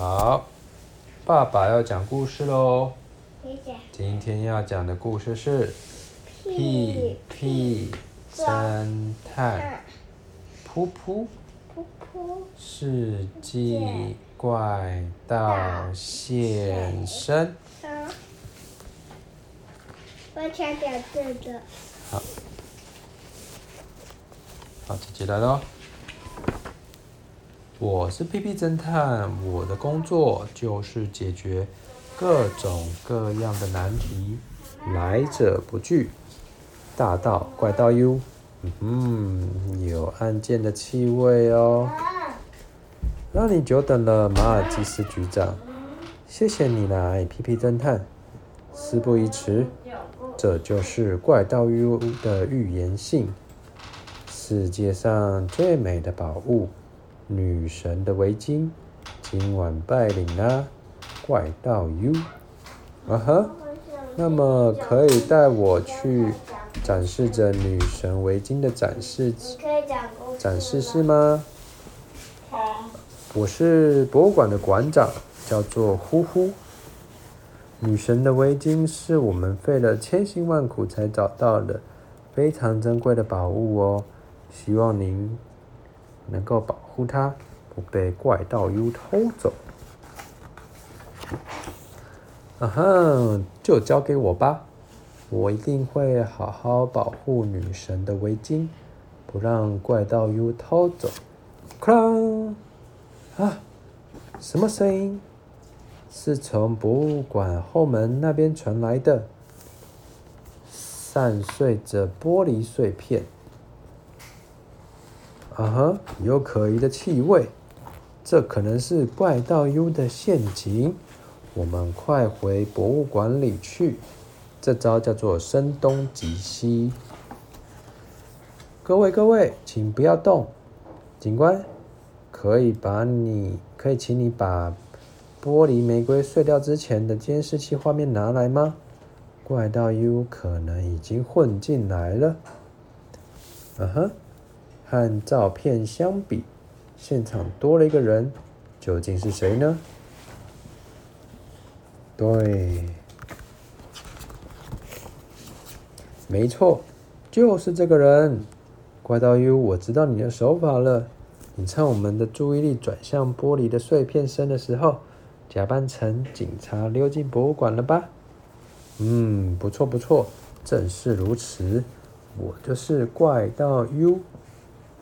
好，爸爸要講故事嘍。今天要講的故事是《屁屁偵探》，噗噗，噗噗，世紀怪盜現身。我想講這個。好，好自己來嘍。我是屁屁偵探，我的工作就是解決各種各樣的難題，來者不拒。大盜、怪盜 U，嗯哼，有案件的氣味哦。讓你久等了，馬爾濟斯局長，謝謝你來，屁屁偵探。事不宜遲，這就是怪盜 U 的預言信，世界上最美的寶物。女神的圍巾，今晚拜領啦。怪盜 U，啊哈，uh、huh，那麼可以帶我去展示着女神圍巾的展示展示室嗎？我是博物館的館長，叫做呼呼。女神的圍巾是我們費了千辛萬苦才找到的，非常珍貴的寶物哦，希望您。能夠保護它不被怪盜 U 偷走。嗯、啊、哼，就交給我吧，我一定會好好保護女神的圍巾，不讓怪盜 U 偷走。哐啷！啊，什麼聲音？是從博物館後門那邊傳來的，散碎着玻璃碎片。啊哈，uh、huh, 有可疑的氣味，這可能是怪盜 U 的陷阱。我們快回博物館裡去。這招叫做聲東擊西。各位各位，請不要動。警官，可以把你可以請你把玻璃玫瑰碎掉之前的監視器畫面拿來嗎？怪盜 U 可能已經混進來了。啊、uh、哈。Huh. 和照片相比，現場多了一個人，究竟是誰呢？對，沒錯，就是這個人。怪盜 U，我知道你的手法了。你趁我們的注意力轉向玻璃的碎片聲的時候，假扮成警察溜進博物館了吧？嗯，不錯不錯，正是如此。我就是怪盜 U。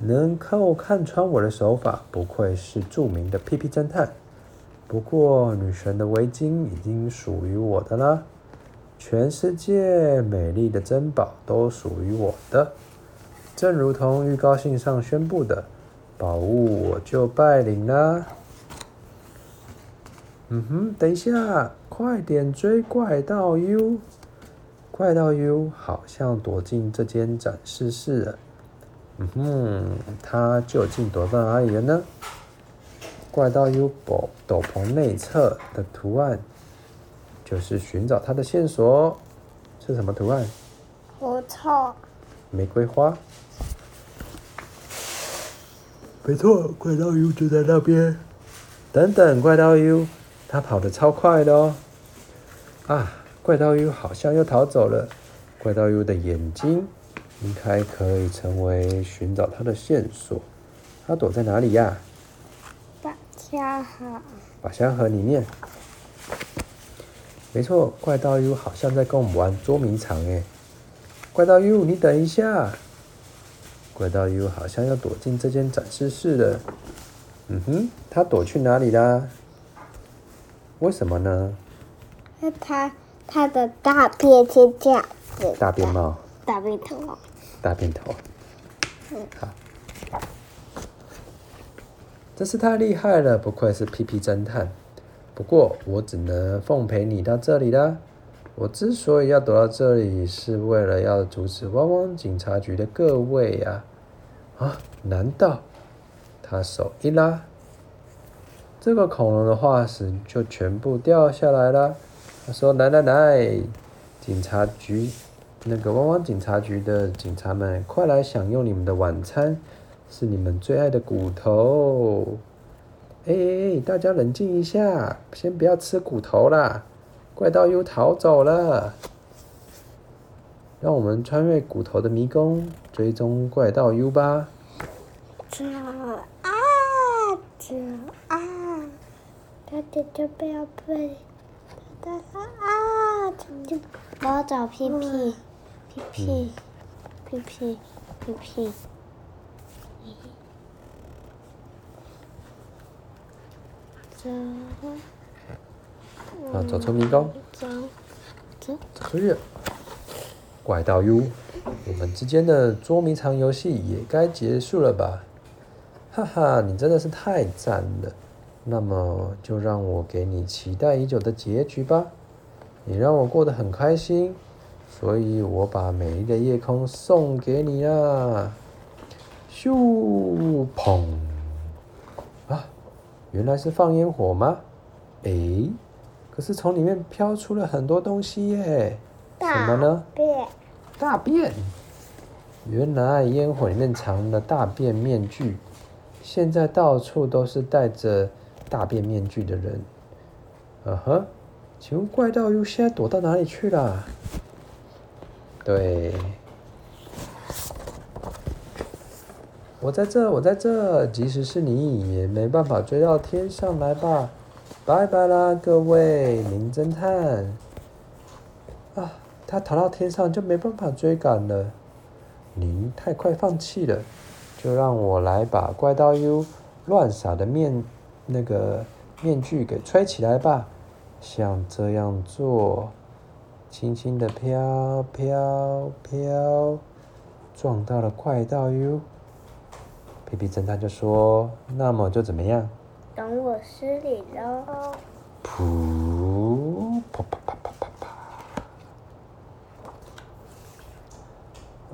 能夠看穿我的手法，不愧是著名的屁屁偵探。不過，女神的圍巾已經屬於我的了。全世界美麗的珍寶都屬於我的，正如同預告信上宣布的，寶物我就拜領了。嗯哼。等一下，快點追怪盜 U！怪盜 U 好像躲進這間展示室了。嗯哼，它究竟躲在哪裡了呢？怪盜 U 伯斗篷內側的圖案，就是尋找它的線索。是什麼圖案？不錯，玫瑰花。沒錯，怪盜 U 就在那邊。等等，怪盜 U，它跑得超快的哦。啊，怪盜 U 好像又逃走了。怪盜 U 的眼睛。應該可以成為尋找他的線索。他躲在哪裡呀、啊？大家好，寶箱盒裡面。沒錯，怪盜 U 好像在跟我們玩捉迷藏誒。怪盜 U，你等一下。怪盜 U 好像要躲進這間展示室了。嗯哼，他躲去哪裡啦？為什麼呢？他他的大便是這樣子。大便帽。大變頭、啊！大變頭！好，真是太厲害了，不愧是屁屁偵探。不過我只能奉陪你到這裡了。我之所以要躲到這裡，是為了要阻止汪汪警察局的各位啊！啊？難道他手一拉，這個恐龍的化石就全部掉下來了？他說：“來來來，警察局。”那個汪汪警察局的警察們，快來享用你們的晚餐，是你們最愛的骨頭！哎、欸，大家冷靜一下，先不要吃骨頭啦。怪盜 U 逃走了，讓我們穿越骨頭的迷宮，追蹤怪盜 U 吧。找啊，找啊！他姐姐不要被大家啊！姐姐幫我找屁屁。屁屁、嗯、屁屁！屁走！啊，走，捉迷高，走走。走，出去，怪盜 U，我們之間的捉迷藏遊戲也該結束了吧？哈哈，你真的是太讚了！那麼就讓我給你期待已久的結局吧。你讓我過得很開心。所以，我把美麗的夜空送給你啦！咻砰啊！原來是放煙火嗎？哎，可是從裡面飄出了很多東西耶，什麼呢！大便？大便！原來煙火裡面藏了大便面具，現在到處都是戴着大便面具的人。啊哈，請問怪盜 U 現在躲到哪裡去了？對，我在這，我在這，即使是你也沒辦法追到天上來吧，拜拜啦，各位名偵探。啊，他逃到天上就沒辦法追趕了，你太快放棄了，就讓我來把怪盜 U 亂撒的面那個面具給吹起來吧，像這樣做。輕輕的飄飄飄，撞到了怪盜 U。屁屁偵探就說：“那麼就怎麼樣？”等我失禮嘍。噗！啪啪啪啪啪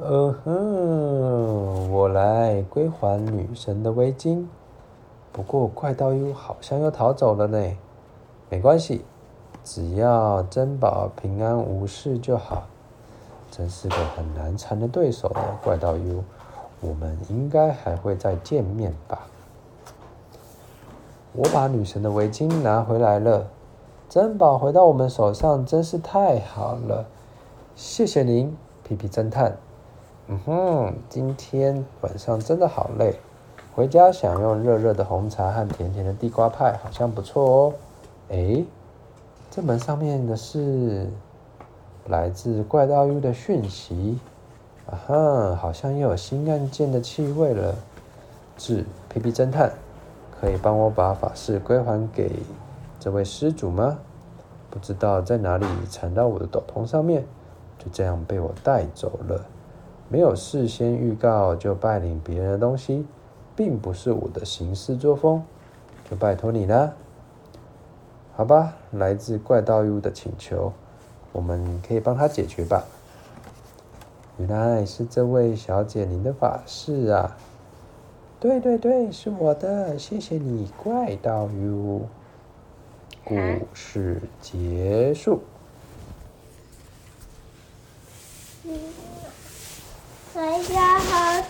呃哼，我來歸還女神的圍巾。不過怪盜 U 好像又逃走了呢。沒關係。只要珍寶平安無事就好。真是個很難纏的對手了，哦，怪盜 U。我們應該還會再見面吧？我把女神的圍巾拿回來了。珍寶回到我們手上，真是太好了。謝謝您，屁屁偵探。嗯哼，今天晚上真的好累，回家享用熱熱的紅茶和甜甜的地瓜派，好像不錯哦。哎。這門上面的是來自怪盜 U 的訊息，啊哈，好像又有新案件的氣味了。致屁屁偵探，可以幫我把法事歸還給這位施主嗎？不知道在哪裡纏到我的斗篷上面，就這樣被我帶走了。沒有事先預告就拜領別人的東西，並不是我的行事作風，就拜托你了。好吧，來自怪盜 U 的請求，我們可以幫他解決吧。原來是這位小姐您的髮飾啊？對對對，是我的，謝謝你，怪盜 U。啊、故事結束。大家、嗯哎、好。